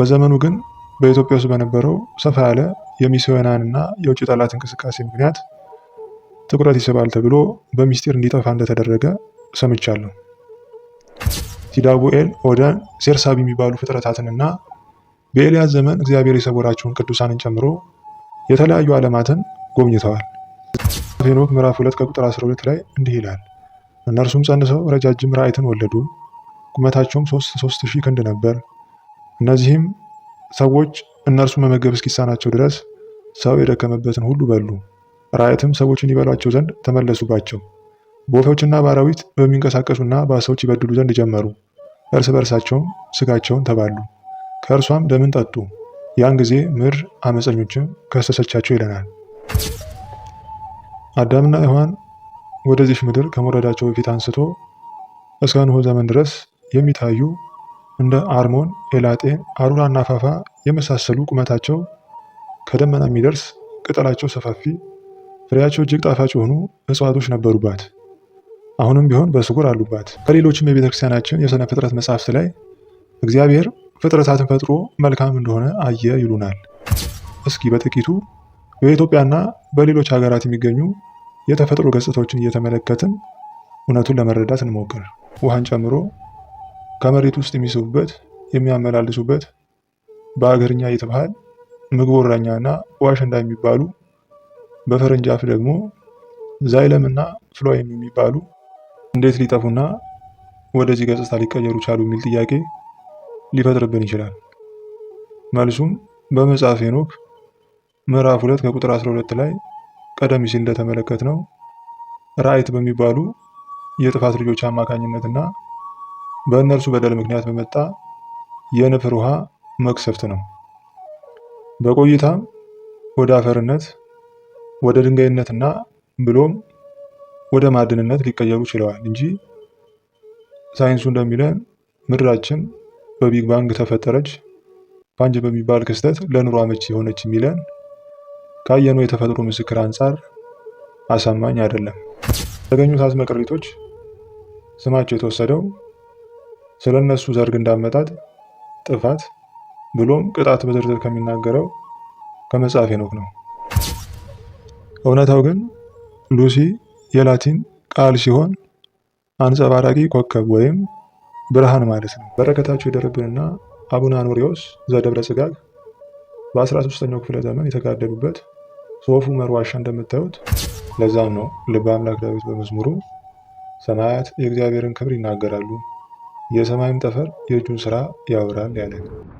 በዘመኑ ግን በኢትዮጵያ ውስጥ በነበረው ሰፋ ያለ የሚስዮናንና የውጭ ጠላት እንቅስቃሴ ምክንያት ትኩረት ይስባል ተብሎ በሚስጢር እንዲጠፋ እንደተደረገ ሰምቻለሁ። ቲዳቡኤል ኦደን፣ ሴርሳብ የሚባሉ ፍጥረታትንና በኤልያስ ዘመን እግዚአብሔር የሰወራቸውን ቅዱሳንን ጨምሮ የተለያዩ ዓለማትን ጎብኝተዋል። ሄኖክ ምዕራፍ 2 ከቁጥር 12 ላይ እንዲህ ይላል፣ እነርሱም ጸንሰው ረጃጅም ራእይትን ወለዱ፣ ቁመታቸውም 3 ሦስት ሺህ ክንድ ነበር እነዚህም ሰዎች እነርሱ መመገብ እስኪሳናቸው ድረስ ሰው የደከመበትን ሁሉ በሉ። ራእትም ሰዎች እንዲበሏቸው ዘንድ ተመለሱባቸው። በወፎችና በአራዊት በሚንቀሳቀሱና በአሳዎች ይበድሉ ዘንድ ጀመሩ። እርስ በርሳቸውም ስጋቸውን ተባሉ፣ ከእርሷም ደምን ጠጡ። ያን ጊዜ ምድር አመፀኞችም ከሰሰቻቸው ይለናል። አዳምና ሔዋን ወደዚህ ምድር ከመውረዳቸው በፊት አንስቶ እስከ ኖህ ዘመን ድረስ የሚታዩ እንደ አርሞን፣ ኤላጤን፣ አሩራ እና ፋፋ የመሳሰሉ ቁመታቸው ከደመና የሚደርስ ቅጠላቸው ሰፋፊ ፍሬያቸው እጅግ ጣፋጭ የሆኑ እጽዋቶች ነበሩባት። አሁንም ቢሆን በስጉር አሉባት። ከሌሎችም የቤተክርስቲያናችን የሥነ ፍጥረት መጻሕፍት ላይ እግዚአብሔር ፍጥረታትን ፈጥሮ መልካም እንደሆነ አየ ይሉናል። እስኪ በጥቂቱ በኢትዮጵያና በሌሎች ሀገራት የሚገኙ የተፈጥሮ ገጽታዎችን እየተመለከትን እውነቱን ለመረዳት እንሞክር። ውሃን ጨምሮ ከመሬት ውስጥ የሚስቡበት የሚያመላልሱበት በሀገርኛ የተባል ምግብ ወራኛ እና ዋሽንዳ የሚባሉ በፈረንጅ አፍ ደግሞ ዛይለም እና ፍሎይም የሚባሉ እንዴት ሊጠፉና ወደዚህ ገጽታ ሊቀየሩ ቻሉ የሚል ጥያቄ ሊፈጥርብን ይችላል። መልሱም በመጽሐፍ ሄኖክ ምዕራፍ ሁለት ከቁጥር 12 ላይ ቀደም ሲል እንደተመለከት ነው ራይት በሚባሉ የጥፋት ልጆች አማካኝነትና በእነርሱ በደል ምክንያት በመጣ የንፍር ውሃ መቅሰፍት ነው። በቆይታም ወደ አፈርነት፣ ወደ ድንጋይነትና ብሎም ወደ ማዕድንነት ሊቀየሩ ችለዋል እንጂ ሳይንሱ እንደሚለን ምድራችን በቢግ ባንግ ተፈጠረች ፓንጅ በሚባል ክስተት ለኑሮ አመቺ የሆነች የሚለን ካየነው የተፈጥሮ ምስክር አንጻር አሳማኝ አይደለም። የተገኙት አስመ ስማቸው የተወሰደው ስለ እነሱ ዘርግ እንዳመጣት ጥፋት ብሎም ቅጣት በዝርዝር ከሚናገረው ከመጽሐፍ ሄኖክ ነው። እውነታው ግን ሉሲ የላቲን ቃል ሲሆን አንጸባራቂ ኮከብ ወይም ብርሃን ማለት ነው። በረከታቸው ይደርብንና አቡነ አኖሪዎስ ዘደብረ ጽጋግ በ13ኛው ክፍለ ዘመን የተጋደሉበት ሶፉ መርዋሻ እንደምታዩት ለዛም ነው ልበ አምላክ ዳዊት በመዝሙሩ ሰማያት የእግዚአብሔርን ክብር ይናገራሉ የሰማዩም ጠፈር የእጁን ስራ ያወራል ያለ ነው።